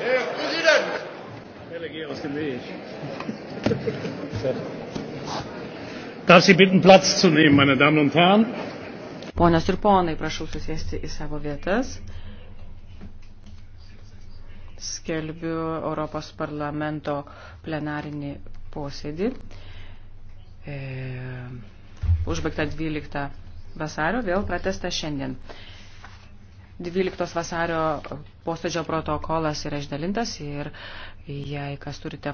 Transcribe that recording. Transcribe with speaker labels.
Speaker 1: Herr
Speaker 2: Präsident!
Speaker 3: Schnelle, geh aus dem Weg.
Speaker 4: Darf Sie bitten, Platz zu nehmen, meine Damen und Herren? Ponios ir ponai, prašau susėsti į savo vietas. Skelbiu
Speaker 5: Europos parlamento plenarinį posėdį. E, užbaigta 12 vasario, vėl pratesta šiandien. E, 12 vasario posėdžio protokolas yra išdalintas
Speaker 6: ir jei kas turite